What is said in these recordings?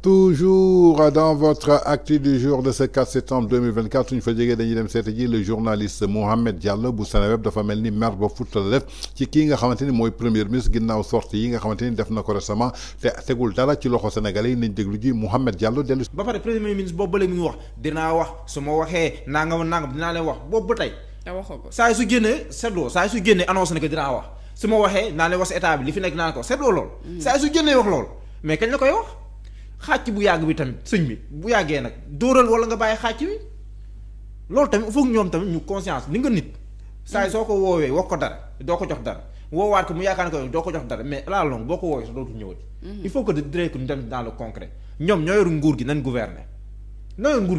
Toujours dans votre actu du jour de ce 4 septembre 2024 suñu fa jógee dañuy dem seeta ji le journaliste Mouhamed Diallo bu Seneweb dafa mel ni mer ba futta la def ci kii nga xamante ni premier ministre ginnaaw sortie yi nga xamante ni def na ko récemment te tegul dara ci loxo sénégalais yi nañ ji Mouhamed Diallo dellu ba pare premier ministre boobu ba léegi mu wax dinaa wax su ma waxee nangam nangam dinaa leen wax boobu ba tey. te waxoo ko saa su génnee seetloo saa su génnee annoncé na su ma waxee naa ne was état bi li fi nekk naa ko seetloo lool. Mm. saa su jëndee wax lool mais kañ la koy wax xàcc bu yàgg bi tamit sëñ bi bu yàggee nag dóoral wala nga bàyyi xàcc bi loolu tamit foog ñoom tamit ñu conscience ni nga nit. saa mm. soo ko woowee wax ko dara doo ko jox dara woowaat ko mu yaakaar ne ko doo ko jox dara mais à la longue boo ko woowee sax dootul ñëwati. Mm-hmm. il faut que de dire que ñu dem dans le concret ñoom ñoo yor nguur gi nañ gouverner. noo yor nguur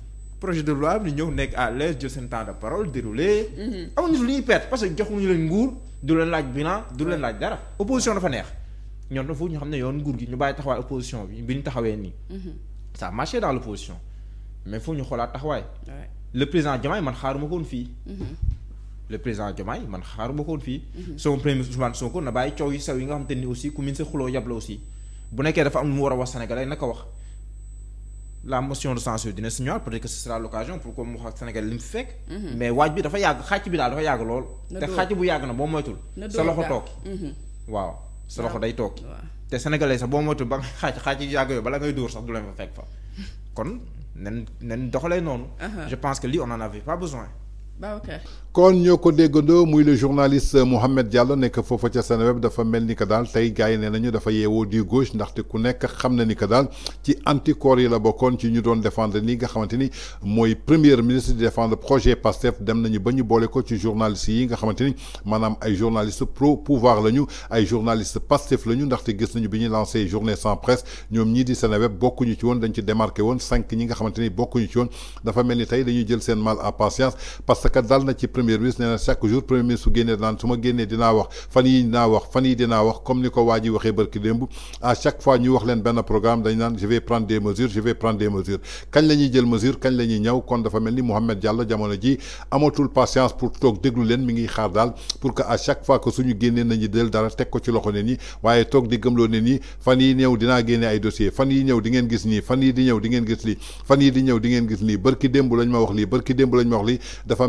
projet de loi bi ñu ñëw à l'aise jël seen temps de parole déroulé. Mhm. amuñu lu ñuy perte parce que joxu ñu leen nguur du leen laaj bilan du leen laaj dara. opposition dafa neex ñoom dafa ñu xamné ne yoon nguur gi ñu bàyyi taxawaay opposition bi biñu taxawé ni mhm. ça marché dans l'opposition mais foo ñu xoolaat taxawaay. le président Diomaye man xaaruma ko woon fii. Mhm. le président Diomaye man xaaruma ko woon fii. son premier ministre Ousmane Sonko na bàyyi coow yi saw yi nga xamante ni aussi ku min se xulo yablo aussi bu nekké dafa am mu wara wa sénégalais naka wax la motion de censure dina si peut-être que ce sera l'occasion pour que mu Sénégal li mu mhm. mais waaj bi dafa yag xati bi daal dafa yag lol te xati bu yag na bo moytul. sa loxo tok mhm. waaw sa loxo day tok te sénégalais sax bo moytul ba xati xati yag yo bala ngay dur sax du len fa fek fa kon nen nen doxalee noonu. je pense que li on en avait pas besoin kon ñoko ko déggandoo muy le journaliste mohamed Diallo nek fofu ci sene web dafa melni ka dal tay gaay gars nañu dafa yeewoo du gauche ndaxte ku nek xam na ni que daal ci anticorps yi la bokkoon ci ñu doon défendre ni nga xamanteni moy premier ministre di défendre projet PASTEF dem nañu bañu bolé ko ci journaliste yi nga xamanteni manam ay journaliste pro pouvoir lañu ay journaliste PASTEF lañu ndaxte gis nañu bi ñuy journée sans presse ñom ñi di sene Seneweb bokkuñu ci won dañ ci démarquer won 5 ñi nga xamanteni ni bokkuñu ci won dafa melni tay tey dañuy jël sen mal à patience parce que kat dal na ci premier ministre nee na chaque jour premier ministre su génnee daan su ma génnee dinaa wax fan yi dinaa wax fan yi dinaa wax comme ni ko waa ji waxee barki démb à chaque fois ñu wax leen benn programme dañ naan je vais prendre des mesures je vais prendre des mesures kañ la ñuy jël mesure kañ la ñuy ñëw kon dafa mel ni Mouhamed Diallo jamono ji amatul patience pour toog déglu leen mi ngi xaar daal pour que à chaque fois que suñu génnee nañu del dara teg ko ci loxo ne ni waaye toog di gëmloo ne ni fan yi ñëw dinaa génne ay dossier, fan yi ñëw di ngeen gis nii fan yi di ñëw di ngeen gis lii fan yi di ñëw di ngeen gis lii barki démb lañ ma wax lii barki démb lañ ma wax lii dafa